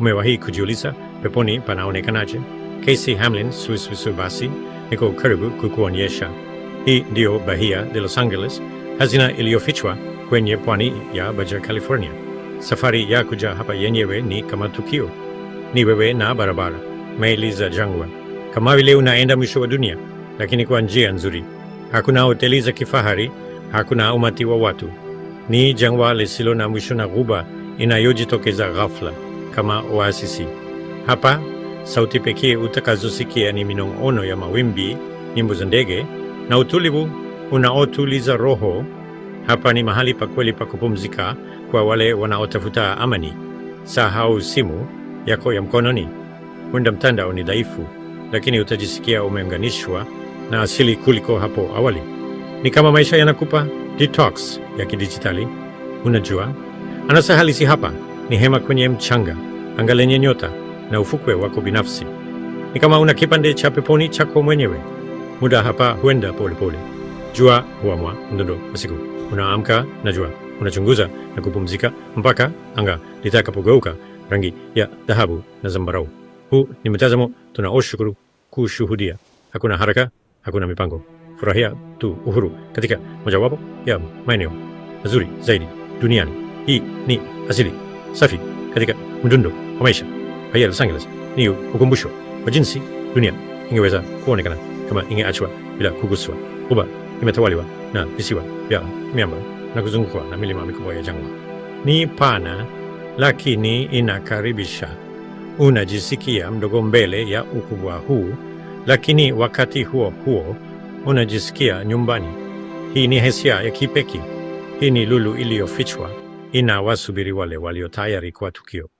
umewahi kujiuliza peponi panaonekanaje? Casey Hamlin Swiss basi niko karibu kukuonyesha. Hii ndiyo bahia de Los Angeles, hazina iliyofichwa kwenye pwani ya Baja California. Safari ya kuja hapa yenyewe ni kama tukio, ni wewe na barabara, meli za jangwa, kama vile unaenda mwisho wa dunia, lakini kwa njia nzuri. Hakuna hoteli za kifahari, hakuna umati wa watu, ni jangwa lisilo na mwisho na ghuba inayojitokeza ghafla kama waasisi. Hapa sauti pekee utakazosikia ni minong'ono ya mawimbi, nyimbo za ndege na utulivu unaotuliza roho. Hapa ni mahali pa kweli pa kupumzika kwa wale wanaotafuta amani. Sahau simu yako ya mkononi, huenda mtandao ni dhaifu, lakini utajisikia umeunganishwa na asili kuliko hapo awali. Ni kama maisha yanakupa detox ya kidijitali. Unajua, anasa halisi hapa ni hema kwenye mchanga angalenye lenye nyota na ufukwe wako binafsi. Ni kama una kipande cha peponi chako mwenyewe. Muda hapa huenda polepole, jua huamwa mdondo wasiku unaamka na jua, unachunguza na kupumzika mpaka anga litakapogeuka rangi ya dhahabu na zambarau. Huu ni mtazamo tunaoshukuru kushuhudia. Hakuna haraka, hakuna mipango. Furahia tu uhuru katika mojawapo ya maeneo mazuri zaidi duniani. Hii ni asili safi katika mdundo wa maisha Sangles, Niu, Ugumbusho, ni Union, wa jinsi dunia ingeweza kuonekana kama ingeachwa bila kuguswa. uba imetawaliwa na visiwa vya miamba na kuzungukwa na milima mikubwa ya jangwa. Ni pana lakini inakaribisha. Unajisikia mdogo mbele ya ukubwa huu, lakini wakati huo huo unajisikia nyumbani. Hii ni hisia ya kipekee. Hii ni lulu iliyofichwa, inawasubiri wale walio tayari kwa tukio.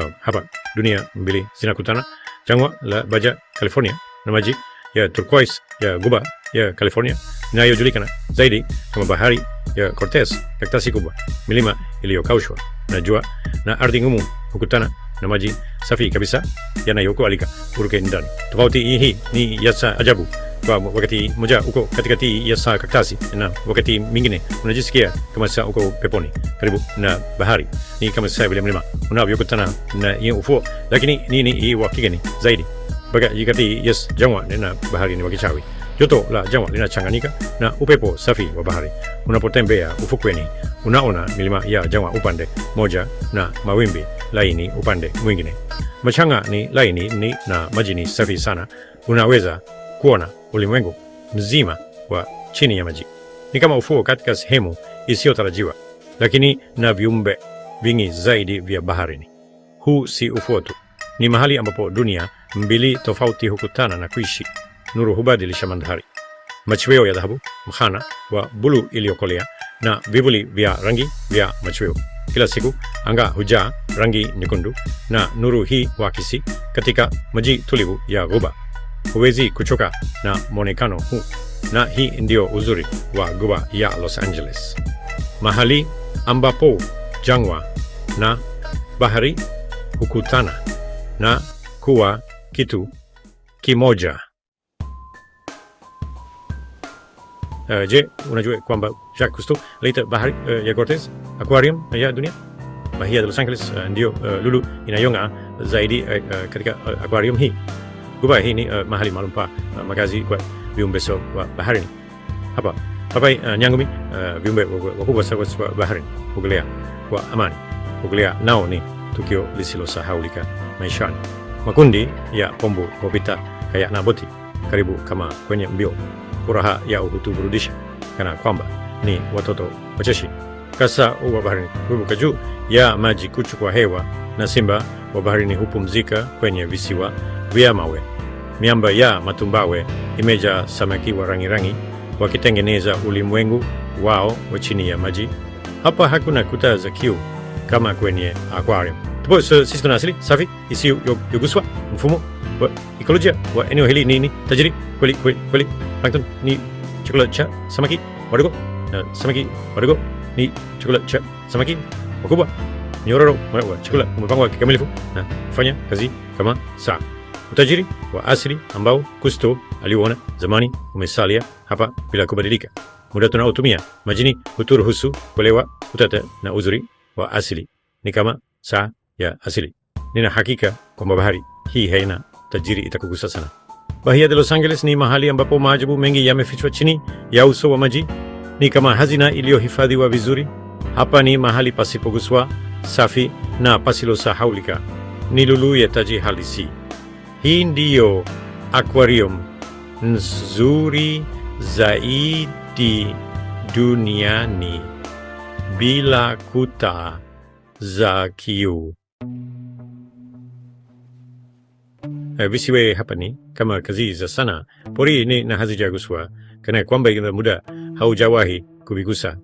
apa dunia membeli sinar kutana jangwa la baja california nama namaji ya turquoise ya guba ya california inayojulikana zaidi sama bahari ya cortez kaktasi kubwa milima iliyokaushwa na jua na arti umum kutana nama maji safi kabisa yanayokualika uruke ndani tofauti ini ni yasa ajabu kwa wakati moja uko katikati ya saa kaktasi na wakati mingine unajisikia kama saa uko peponi karibu na bahari. Ni kama saa vile mlima unavyokutana na ufuo, lakini nini hii wa kigeni zaidi mpaka jikati ya jangwa na bahari ni wakichawi Joto la jangwa linachanganyika na upepo safi wa bahari. Unapotembea ufukweni, unaona milima ya jangwa upande moja na mawimbi laini upande mwingine. machanga ni laini ni na maji ni safi sana, unaweza kuona ulimwengu mzima wa chini ya maji ni kama ufuo katika sehemu isiyotarajiwa, lakini na viumbe vingi zaidi vya baharini. Huu si ufuo tu, ni mahali ambapo dunia mbili tofauti hukutana na kuishi. Nuru hubadilisha mandhari, machweo ya dhahabu, mchana wa bulu iliyokolea na vivuli vya rangi vya machweo. Kila siku anga hujaa rangi nyekundu na nuru hii wakisi katika maji tulivu ya ghuba huwezi kuchoka na mwonekano huu, na hii ndio uzuri wa gua ya Los Angeles, mahali ambapo jangwa na bahari hukutana na kuwa kitu kimoja. Uh, je, unajua kwamba Jacques Cousteau aliita bahari uh, ya Cortez aquarium eh, ya dunia? Bahia de Los Angeles uh, ndio uh, lulu inayong'aa zaidi uh, katika uh, aquarium hii. Ghuba hii ni uh, mahali maalum pa uh, makazi kwa viumbe so wa baharini. Hapa hapa uh, nyangumi uh, viumbe wakubwa sana wa baharini kuogelea kwa amani. Kuogelea nao ni tukio lisilosahaulika maishani. Makundi ya pombo hupita kayak na boti karibu kama kwenye mbio. Furaha ya uhutu burudisha kana kwamba ni watoto wacheshi. Kasa wa baharini huruka juu ya maji kuchukua hewa, na simba wa baharini hupumzika kwenye visiwa vyamawe, miamba ya matumbawe imejaa samaki wa rangi rangi wakitengeneza ulimwengu wao wa chini ya maji. Hapa hakuna kuta za kioo kama kwenye aquarium. Tupo sisi tuna asili safi isiyoguswa mfumo wa ekolojia wa eneo hili. Nini tajiri kweli kweli kweli! Plankton ni chakula cha samaki wadogo na samaki wadogo ni chakula cha samaki wakubwa. Nyororo wa chakula umepangwa kikamilifu na kufanya kazi kama saa. Utajiri wa asili ambao Kusto aliuona zamani umesalia hapa bila kubadilika. Muda tunaotumia majini huturuhusu kuelewa utata na uzuri wa asili, ni kama saa ya asili. Nina hakika kwamba bahari hii haina tajiri itakugusa sana. Bahia de Los Angeles ni mahali ambapo maajabu mengi yamefichwa chini ya uso wa maji, ni kama hazina iliyohifadhiwa vizuri. Hapa ni mahali pasipoguswa, safi na pasilosahaulika. Ni lulu ya taji halisi. Hii ndiyo aquarium nzuri zaidi duniani bila kuta za kiu. Eh, Visiwe hapa ni kama kazi za sana pori ni na hazijaguswa, kana kwamba muda haujawahi kuvigusa.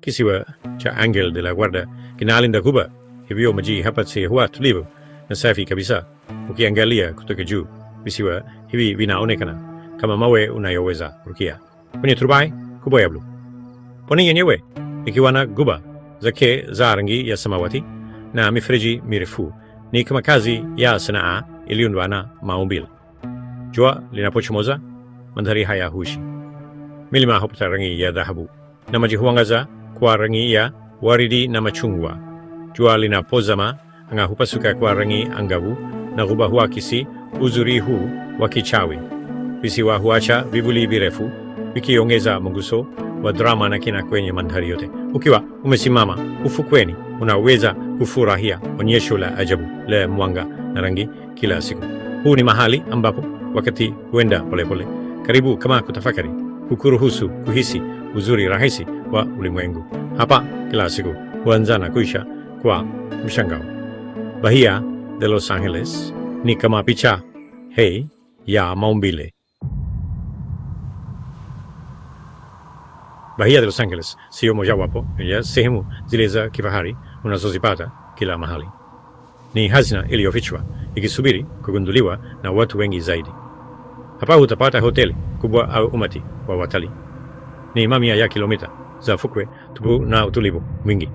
Kisiwa cha Angel de la Guarda kina alinda Kuba, hivyo maji hapa si huwa tulivu na safi kabisa. Ukiangalia kutoka juu, visiwa hivi vinaonekana kama mawe unayoweza kurukia kwenye turubai kubwa ya bluu. Pwani yenyewe ikiwa na guba zake za rangi ya samawati na mifereji mirefu ni kama kazi ya sanaa iliyoundwa na maumbile. Jua linapochomoza mandhari haya huishi. Milima hupata rangi ya dhahabu na maji huangaza kwa rangi ya waridi na machungwa. Jua linapozama anga hupasuka kwa rangi angavu na ghuba huakisi uzuri huu wa kichawi. Visiwa huacha vivuli virefu vikiongeza mguso wa drama na kina kwenye mandhari yote. Ukiwa umesimama ufukweni, unaweza kufurahia onyesho la ajabu la mwanga na rangi kila siku. Huu ni mahali ambapo wakati huenda polepole karibu kama kutafakari, kukuruhusu kuhisi uzuri rahisi wa ulimwengu. Hapa kila siku huanza na kuisha kwa mshangao. Bahia de Los Ángeles, ni kama picha hei ya maumbile. Bahia de Los Angeles si yo ya sehemu zile za kifahari unazozipata kila mahali. Ni hazina iliyofichwa ikisubiri kugunduliwa na watu wengi zaidi. Hapa utapata hoteli kubwa au umati wa watali Ni mamia ya kilomita za fukwe tupu na utulivu mwingi.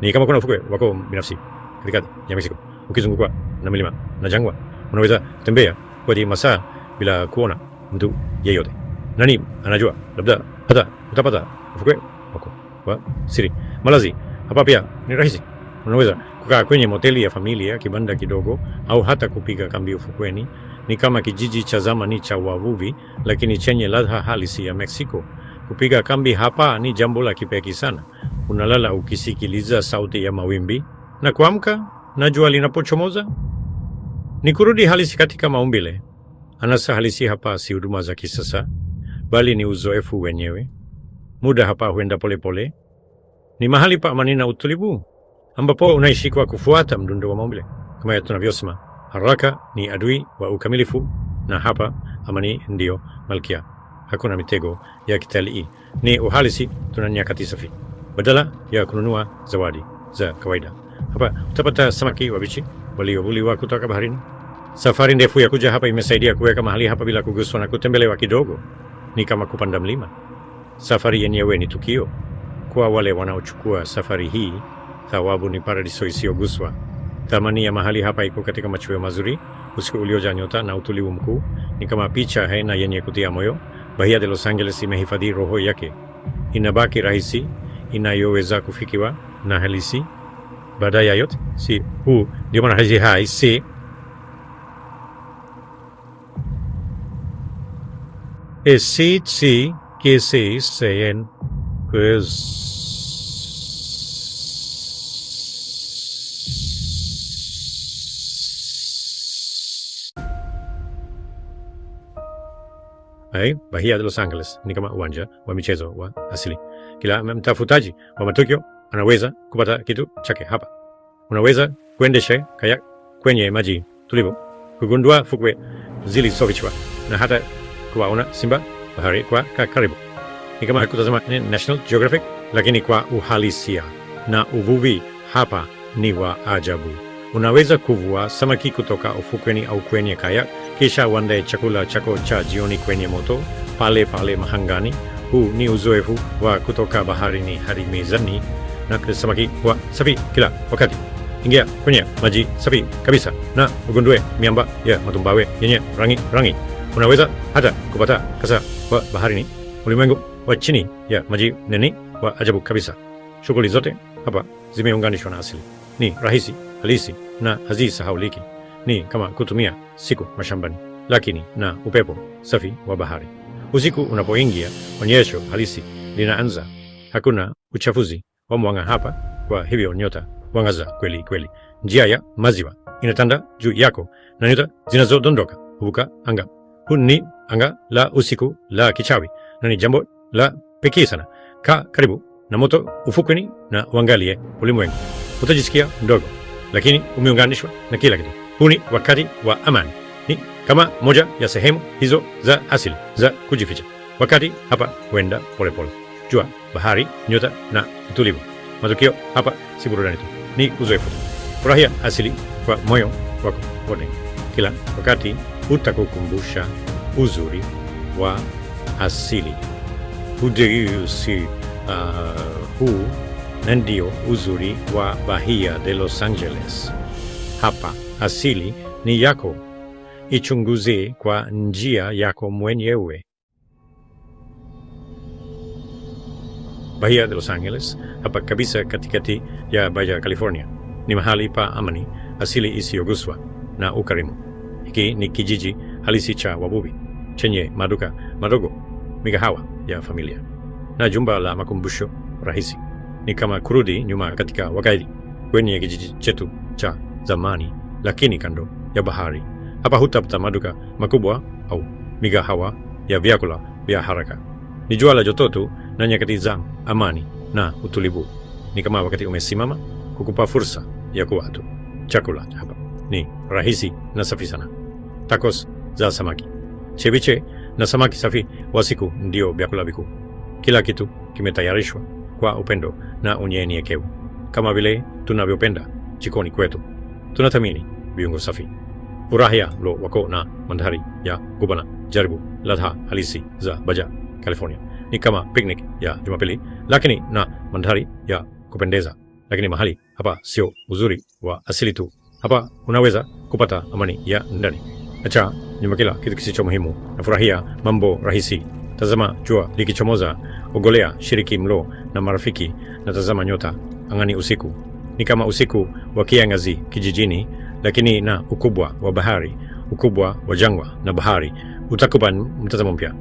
Ni kama kuna fukwe wako binafsi katikati ya Mexico ukizungukwa na milima na jangwa, unaweza tembea kwa masaa bila kuona mtu yeyote. Nani anajua? Labda hata utapata ufukwe wako wa siri. Malazi hapa pia ni rahisi. Unaweza kukaa kwenye moteli ya familia, kibanda kidogo, au hata kupiga kambi ufukweni. Ni kama kijiji cha zamani cha wavuvi, lakini chenye ladha halisi ya mexico Kupiga kambi hapa ni jambo la kipekee sana. Unalala ukisikiliza sauti ya mawimbi na kuamka na jua linapochomoza. Ni kurudi halisi katika maumbile. Anasa halisi hapa si huduma za kisasa, bali ni uzoefu wenyewe. Muda hapa huenda polepole, ni mahali pa amani na utulivu, ambapo unaishi kwa kufuata mdundo wa maumbile. Kama tunavyosema, haraka ni adui wa ukamilifu, na hapa amani ndio malkia. Hakuna mitego ya kitalii, ni uhalisi. Tuna nyakati safi badala ya kununua zawadi za kawaida. Hapa utapata samaki wabichi waliovuliwa kutoka baharini. Safari ndefu ya kuja hapa imesaidia kuweka mahali hapa bila kuguswa na kutembelewa kidogo. Ni kama kupanda mlima. Safari yenyewe ni tukio. Kwa wale wanaochukua safari hii, thawabu ni paradiso isiyoguswa. Thamani ya mahali hapa iko katika machweo mazuri, usiku uliojaa nyota na utulivu mkuu. Ni kama picha hena yenye kutia moyo. Bahia de Los Angeles imehifadhi roho yake, inabaki rahisi, inayoweza kufikiwa na halisi baada ya yote si huu ndio maana hizi hai si esi si Bahia de Los Angeles ni kama uwanja wa michezo wa asili. Kila mtafutaji wa matukio anaweza kupata kitu chake hapa. Unaweza kuendesha kayak kwenye maji tulivu, kugundua fukwe zilizofichwa na hata kuwaona simba bahari kwa karibu. Ni kama kutazama National Geographic, lakini kwa uhalisia. Na uvuvi hapa ni wa ajabu. Unaweza kuvua samaki kutoka ufukweni au kwenye kayak, kisha uandae chakula chako cha jioni kwenye moto pale pale mahangani. Huu ni uzoefu wa kutoka baharini hadi mezani na Kristo samaki wa safi kila wakati. Ingia kwenye maji safi kabisa na ugundue miamba ya matumbawe yenye rangi rangi. Unaweza hata kupata kasa wa baharini, ulimwengu wa chini ya maji neni wa ajabu kabisa. Shughuli zote hapa zimeunganishwa na asili. Ni rahisi, halisi na hazisahauliki. Ni kama kutumia siku mashambani, lakini na upepo safi wa bahari. Usiku unapoingia, onyesho halisi linaanza. Hakuna uchafuzi wa mwanga hapa kwa hivyo nyota wangaza kweli kweli. Njia ya maziwa inatanda juu yako na nyota zinazodondoka huvuka anga. Huu ni anga la usiku la kichawi na ni jambo la pekee sana. Ka karibu na moto ufukweni na uangalie ulimwengu. Utajisikia mdogo, lakini umeunganishwa na kila kitu. Huu ni wakati wa amani, ni kama moja ya sehemu hizo za asili za kujificha. Wakati hapa huenda polepole jua, bahari, nyota na utulivu. Matukio hapa si burudani tu, ni uzoefu. Furahia asili kwa moyo wako wote, kila wakati utakukumbusha uzuri wa asili. Udeusi uh, huu ndio uzuri wa Bahia de Los Angeles. Hapa asili ni yako, ichunguze kwa njia yako mwenyewe. bahia de Los Angeles hapa kabisa katikati ya Baja California. Ni mahali pa amani asili isiyoguswa na ukarimu. Hiki ni kijiji halisi cha wavuvi chenye maduka madogo, migahawa ya familia na jumba la makumbusho rahisi. Ni kama kurudi nyuma katika wakati kwenye kijiji chetu cha zamani, lakini kando ya bahari. Hapa hutapata maduka makubwa au migahawa ya vyakula vya haraka. Ni jua la joto tu na nyakati zangu amani na utulivu ni kama wakati umesimama kukupa fursa ya kuwa tu. Chakula hapa ni rahisi na safi sana. takos za samaki, cheviche na samaki safi wa siku ndio vyakula vikuu. Kila kitu kimetayarishwa kwa upendo na unyenyekevu kama vile tunavyopenda chikoni kwetu. Tunathamini viungo safi. Furahia lo wako na mandhari ya gubana. Jaribu ladha halisi za Baja California ni kama picnic ya Jumapili, lakini na mandhari ya kupendeza. Lakini mahali hapa sio uzuri wa asili tu, hapa unaweza kupata amani ya ndani. Acha nyuma kila kitu kisicho muhimu na furahia mambo rahisi. Tazama jua likichomoza, ogolea shiriki mlo na marafiki, na tazama nyota angani usiku. Ni kama usiku wa kiangazi kijijini, lakini na ukubwa wa bahari, ukubwa wa jangwa na bahari utakupa mtazamo mpya.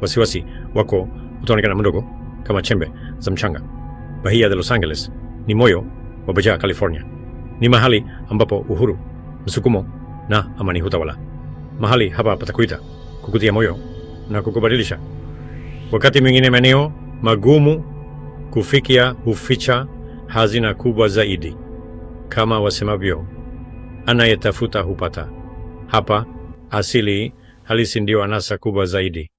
Wasiwasi wako utaonekana mdogo kama chembe za mchanga. Bahia de Los Angeles ni moyo wa Baja California. Ni mahali ambapo uhuru, msukumo na amani hutawala. Mahali hapa patakuita kukutia moyo na kukubadilisha. Wakati mwingine maeneo magumu kufikia huficha hazina kubwa zaidi. Kama wasemavyo, anayetafuta hupata. Hapa asili halisi ndio anasa kubwa zaidi.